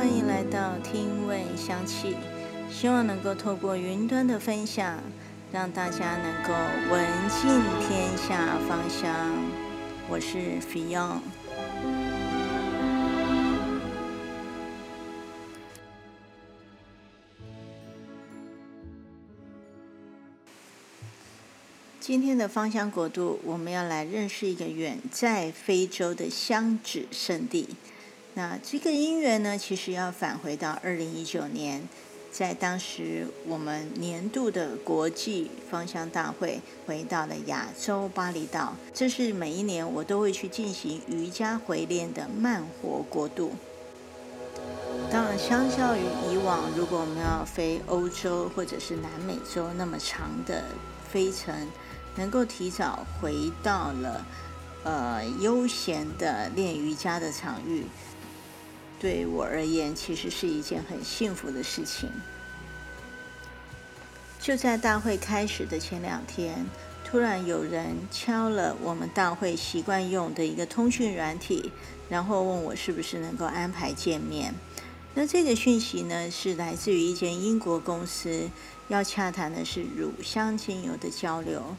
歡迎來到聽聞香氣，希望能夠透過雲端的分享，讓大家能夠聞盡天下芳香。我是 Fiona。今天的芳香國度，我們要來認識一個遠在非洲的香脂聖地。那這個因緣呢，其實要返回到二零一九年，在當時我們年度的國際芳香大會回到了亞洲巴厘島，這是每一年我都會去進行瑜伽回練的慢活國度。當然，相較於以往，如果我們要飛歐洲或者是南美洲那麼長的飛程，能夠提早回到了呃悠閒的練瑜伽的場域。對我而言，其實是一件很幸福的事情。就在大會開始的前兩天，突然有人敲了我們大會習慣用的一個通訊軟體，然後問我是不是能夠安排見面。那這個訊息呢，是來自於一間英國公司，要洽談的是乳香精油的交流。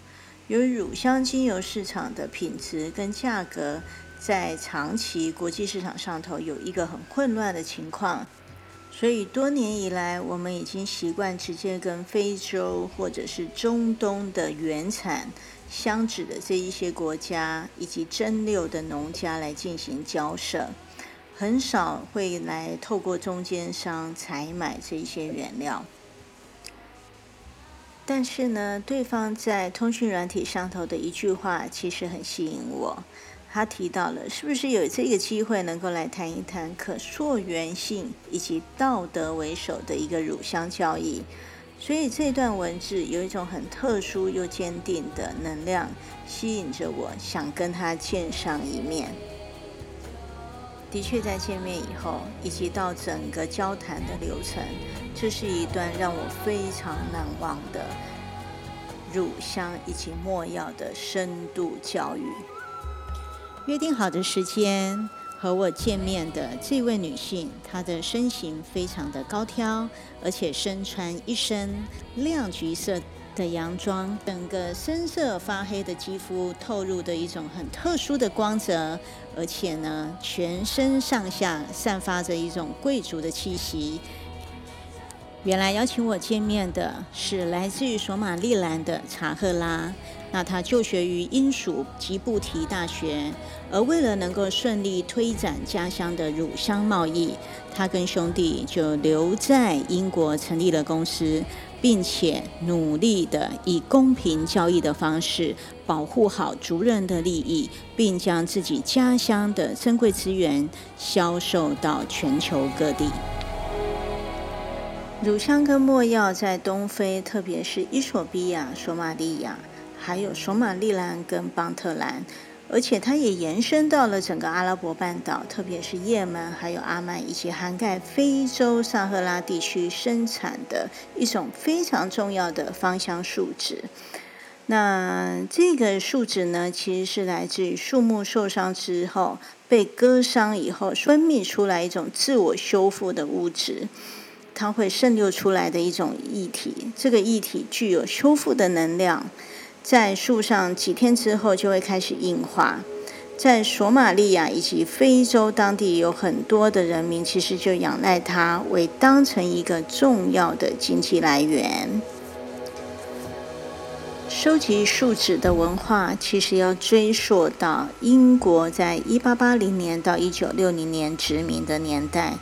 由於乳香精油市場的品質跟價格，在長期國際市場上頭有一個很混亂的情況，所以多年以來，我們已經習慣直接跟非洲或者是中東的原產、香脂的這一些國家以及蒸餾的農家來進行交涉，很少會來透過中間商採買這些原料。但是呢，對方在通訊軟體上頭的一句話，其實很吸引我。他提到了，是不是有這個機會能夠來談一談可溯源性以及道德為首的一個乳香交易？所以這段文字有一種很特殊又堅定的能量，吸引着我想跟他見上一面。的確，在見面以後，以及到整個交談的流程，這是一段讓我非常難忘的乳香以及沒藥的深度教育。約定好的時間和我見面的這位女性，她的身形非常的高挑，而且身穿一身亮橘色的洋裝，整個深色髮黑的肌膚透露着一種很特殊的光澤，而且呢，全身上下散發着一種貴族的氣息。原來邀請我見面的是來自於索馬利蘭的查赫拉。那他就學於英屬吉布提大學，而為了能夠順利推展家鄉的乳香貿易，他跟兄弟就留在英國成立了公司，並且努力地以公平交易的方式保護好族人的利益，並將自己家鄉的珍貴資源銷售到全球各地。乳香跟沒藥在東非，特別是伊索比亞、索馬利亞，還有索馬利蘭跟邦特蘭，而且它也延伸到了整個阿拉伯半島，特別是葉門，還有阿曼，以及涵蓋非洲撒赫拉地區生產的一種非常重要的芳香樹脂。那這個樹脂呢，其實是來自於樹木受傷之後被割傷以後分泌出來一種自我修復的物質。它會滲流出來的一種液體，這個液體具有修復的能量，在樹上幾天之後就會開始硬化。在索馬利亞以及非洲當地，有很多的人民其實就仰賴它，為當成一個重要的經濟來源。收集樹脂的文化其實要追溯到英國在一八八零年到一九六零年殖民的年代。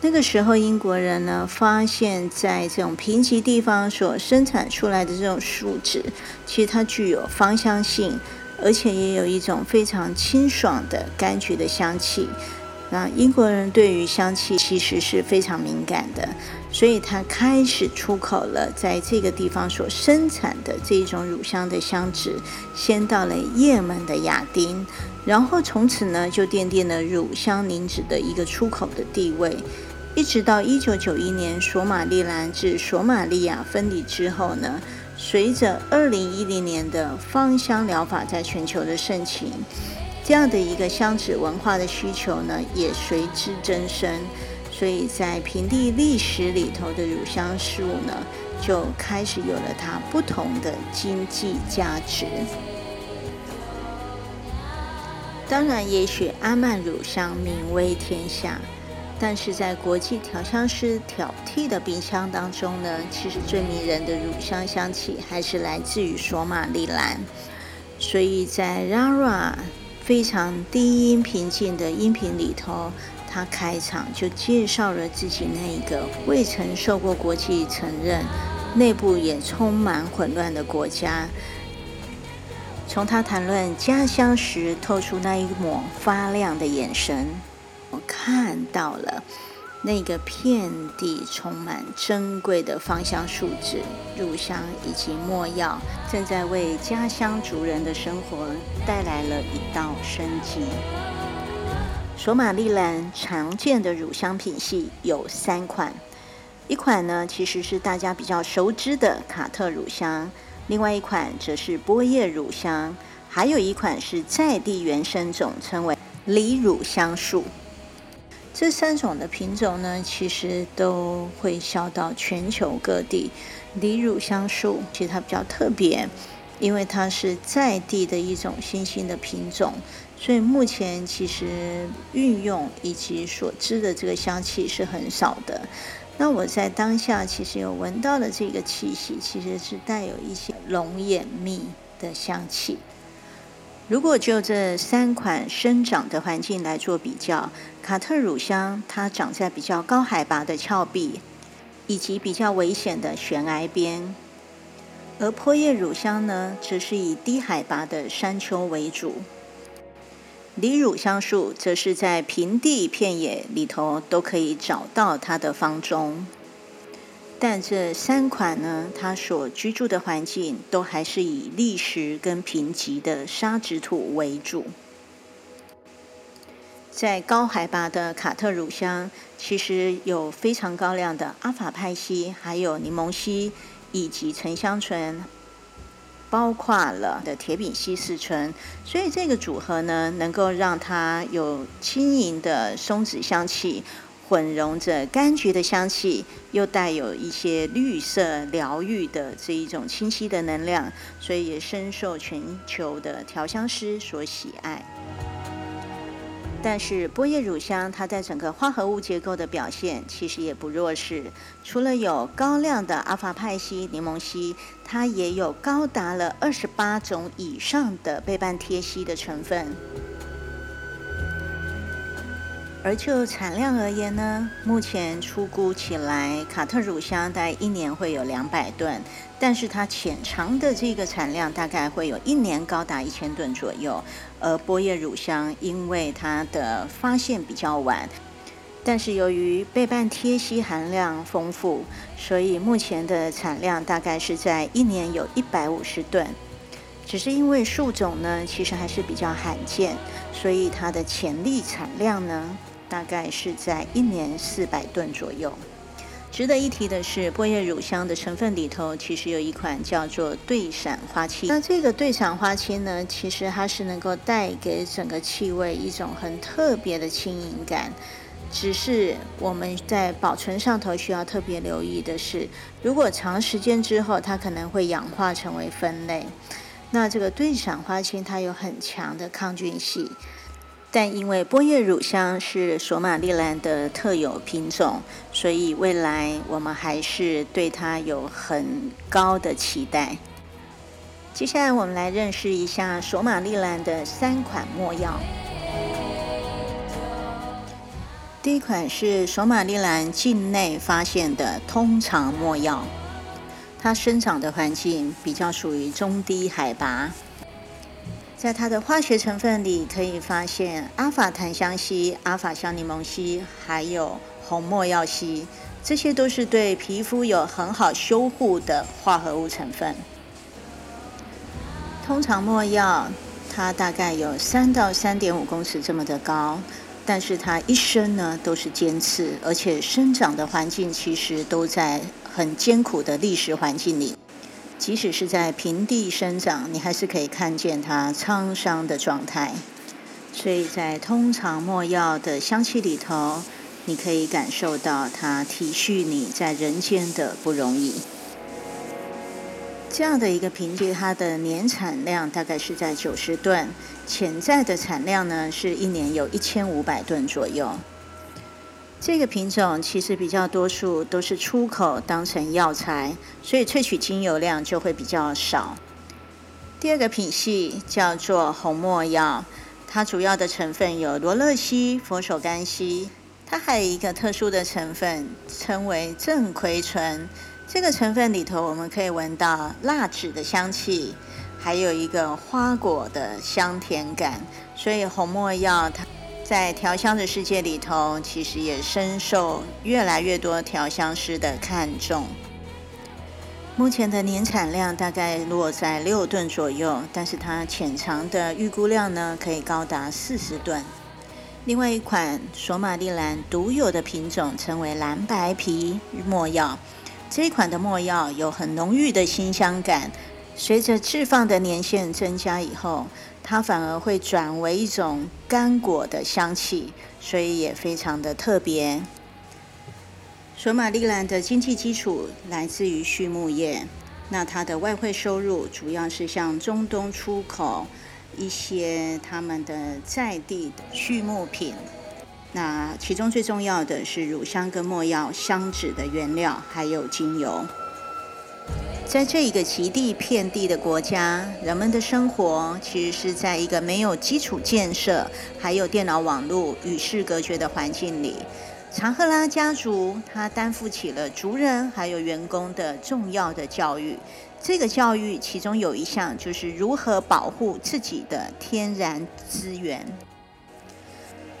那個時候，英國人呢發現在這種貧瘠地方所生產出來的這種樹脂，其實它具有芳香性，而且也有一種非常清爽的柑橘的香氣。那、啊、英國人對於香氣其實是非常敏感的，所以他開始出口了在這個地方所生產的這一種乳香的香脂，先到了葉門的亞丁，然後從此呢就奠定了乳香凝脂的一個出口的地位。一直到一九九一年索馬利蘭自索馬利亞分離之後呢，隨着二零一零年的芳香療法在全球的盛行，這樣的一個香脂文化的需求呢也隨之增生，所以在平地歷史裡頭的乳香樹呢就開始有了它不同的經濟價值。當然，也許阿曼乳香名威天下。但是在國際調香師挑剔的鼻腔當中呢，其實最迷人的乳香香氣還是來自於索馬利蘭。所以在 Zara 非常低音平靜的音頻裡頭，他開場就介紹了自己那一個未曾受過國際承認、內部也充滿混亂的國家。從他談論家鄉時透出那一抹發亮的眼神。我看到了那個遍地充滿珍貴的芳香樹脂、乳香以及沒藥，正在為家鄉族人的生活帶來了一道生機。索馬利蘭常見的乳香品系有三款，一款呢其實是大家比較熟知的卡特乳香，另外一款則是波葉乳香，還有一款是在地原生種，稱為黧乳香樹。這三種的品種呢，其實都會銷到全球各地。黧乳香樹其實它比較特別，因為它是在地的一種新興的品種，所以目前其實運用以及所知的這個香氣是很少的。那我在當下其實有聞到的這個氣息，其實是帶有一些龍眼蜜的香氣。如果就這三款生長的環境來做比較，卡特乳香它長在比較高海拔的峭壁以及比較危險的懸崖邊，而波葉乳香呢，則是以低海拔的山丘為主。黧乳香樹，則是在平地、片野裡頭都可以找到它的芳蹤。但這三款呢，它所居住的環境都還是以礫石跟貧瘠的沙質土為主。在高海拔的卡特乳香，其實有非常高量的阿法蒎烯，還有檸檬烯，以及沉香醇，包括了的萜品烯四醇，所以這個組合呢，能夠讓它有輕盈的松脂香氣。混融着柑橘的香氣，又帶有一些綠色療癒的這一種清晰的能量，所以也深受全球的調香師所喜愛。但是波葉乳香它在整個化合物結構的表現其實也不弱勢，除了有高量的阿法派烯檸檬烯，它也有高達了二十八種以上的倍半萜烯的成分。而就產量而言呢，目前初估起來，卡特乳香大概一年會有兩百噸，但是它潛藏的這個產量大概會有一年高達一千噸左右。而波葉乳香因為它的發現比較晚，但是由於倍半萜烯含量豐富，所以目前的產量大概是在一年有一百五十噸。只是因為樹種呢，其實還是比較罕見，所以它的潛力產量呢，大概是在一年四百噸左右。值得一提的是，波葉乳香的成分裡頭，其實有一款叫做對傘花青。那這個對傘花青呢，其實它是能夠帶給整個氣味一種很特別的輕盈感。只是我們在保存上頭需要特別留意的是，如果長時間之後，它可能會氧化成為酚類。那這個對傘花青，它有很強的抗菌性。但因為波葉乳香是索馬利蘭的特有品種，所以未來我們還是對它有很高的期待。接下來，我們來認識一下索馬利蘭的三款沒藥。第一款是索馬利蘭境內發現的通常沒藥，它生長的環境比較屬於中低海拔。在它的化學成分裡，可以發現阿法檀香烯、阿法香檸檬烯，還有紅沒藥烯，這些都是對皮膚有很好修護的化合物成分。通常沒藥它大概有三到三點五公尺這麼的高，但是它一生呢都是尖刺，而且生長的環境其實都在很艱苦的礫石環境裡。即使是在平地生長，你還是可以看見它滄桑的狀態。所以在通常沒藥的香氣裡頭，你可以感受到它體恤你在人間的不容易。這樣的一個平地，它的年產量大概是在九十噸，潛在的產量呢，是一年有一千五百噸左右。這個品種其實比較多數都是出口當成藥材，所以萃取精油量就會比較少。第二個品系叫做紅沒藥，它主要的成分有羅勒烯、佛手柑烯，它還有一個特殊的成分稱為正癸醇。這個成分裡頭，我們可以聞到蠟酯的香氣，還有一個花果的香甜感。所以紅沒藥它。在調香的世界裡頭，其實也深受越來越多調香師的看重。目前的年產量大概落在六噸左右，但是它潛藏的預估量呢，可以高達四十噸。另外一款索馬利蘭獨有的品種，稱為藍白皮沒藥。這一款的沒藥有很濃郁的辛香感。隨着置放的年限增加以後，它反而會轉為一種乾果的香氣，所以也非常的特別。索馬利蘭的經濟基礎來自於畜牧業，那它的外匯收入主要是向中東出口一些他們的在地的畜牧品，那其中最重要的是乳香跟沒藥、香脂的原料，還有精油。在這一個極地，遍地的國家，人們的生活其實是在一個沒有基礎建設、還有電腦網絡、與世隔絕的環境裡。查赫拉家族他擔負起了族人還有員工的重要的教育。這個教育其中有一項就是如何保護自己的天然資源。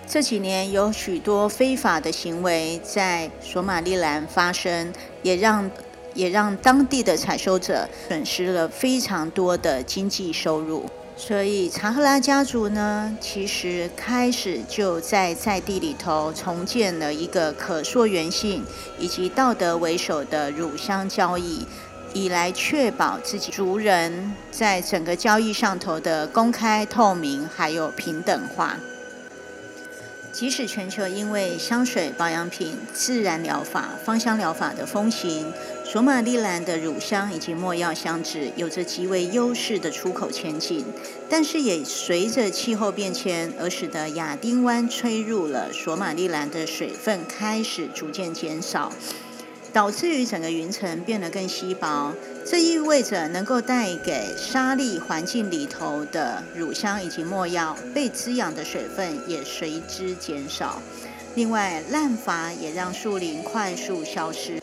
這幾年有許多非法的行為在索馬利蘭發生，也讓也讓當地的採收者損失了非常多的經濟收入，所以查赫拉家族呢，其實開始就在在地裡頭重建了一個可溯源性以及道德為首的乳香交易，以來確保自己族人在整個交易上頭的公開透明還有平等化。即使全球因為香水、保養品、自然療法、芳香療法的風行，索馬利蘭的乳香以及沒藥香脂有着極為優勢的出口前景，但是也隨着氣候變遷而使得亞丁灣吹入了索馬利蘭的水分開始逐漸減少。導致於整個雲層變得更稀薄，這意味着能夠帶給沙粒環境裡頭的乳香以及沒藥被滋養的水分也隨之減少。另外，濫伐也讓樹林快速消失。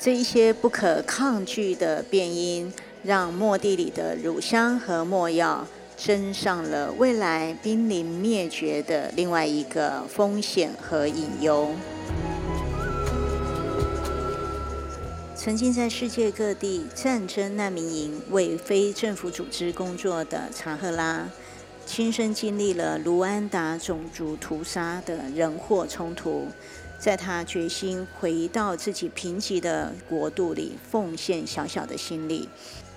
這一些不可抗拒的變因，讓墨地裡的乳香和沒藥增上了未來瀕臨滅絕的另外一個風險和隱憂。曾經在世界各地戰爭難民營為非政府組織工作的查赫拉，親身經歷了盧安達種族屠殺的人禍衝突，在他決心回到自己貧瘠的國度裡奉獻小小的心力，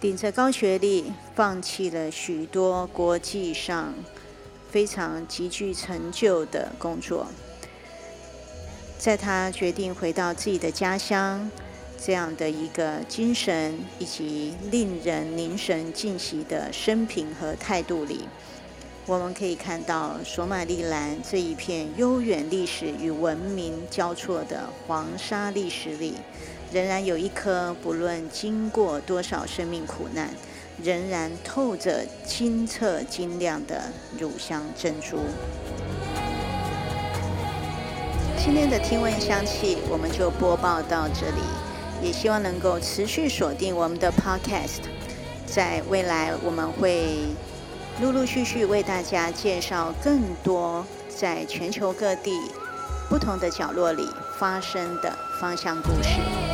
頂着高學歷，放棄了許多國際上非常極具成就的工作，在他決定回到自己的家鄉。這樣的一個精神，以及令人凝神靜息的生平和態度裡，我們可以看到索馬利蘭這一片悠遠歷史與文明交錯的黃沙歷史裡，仍然有一顆不論經過多少生命苦難，仍然透着清澈晶亮的乳香珍珠。今天的聽聞香氣，我們就播報到這裡。也希望能夠持續鎖定我們的 Podcast，在未來我們會陸陸續續為大家介紹更多在全球各地不同的角落裡發生的芳香故事。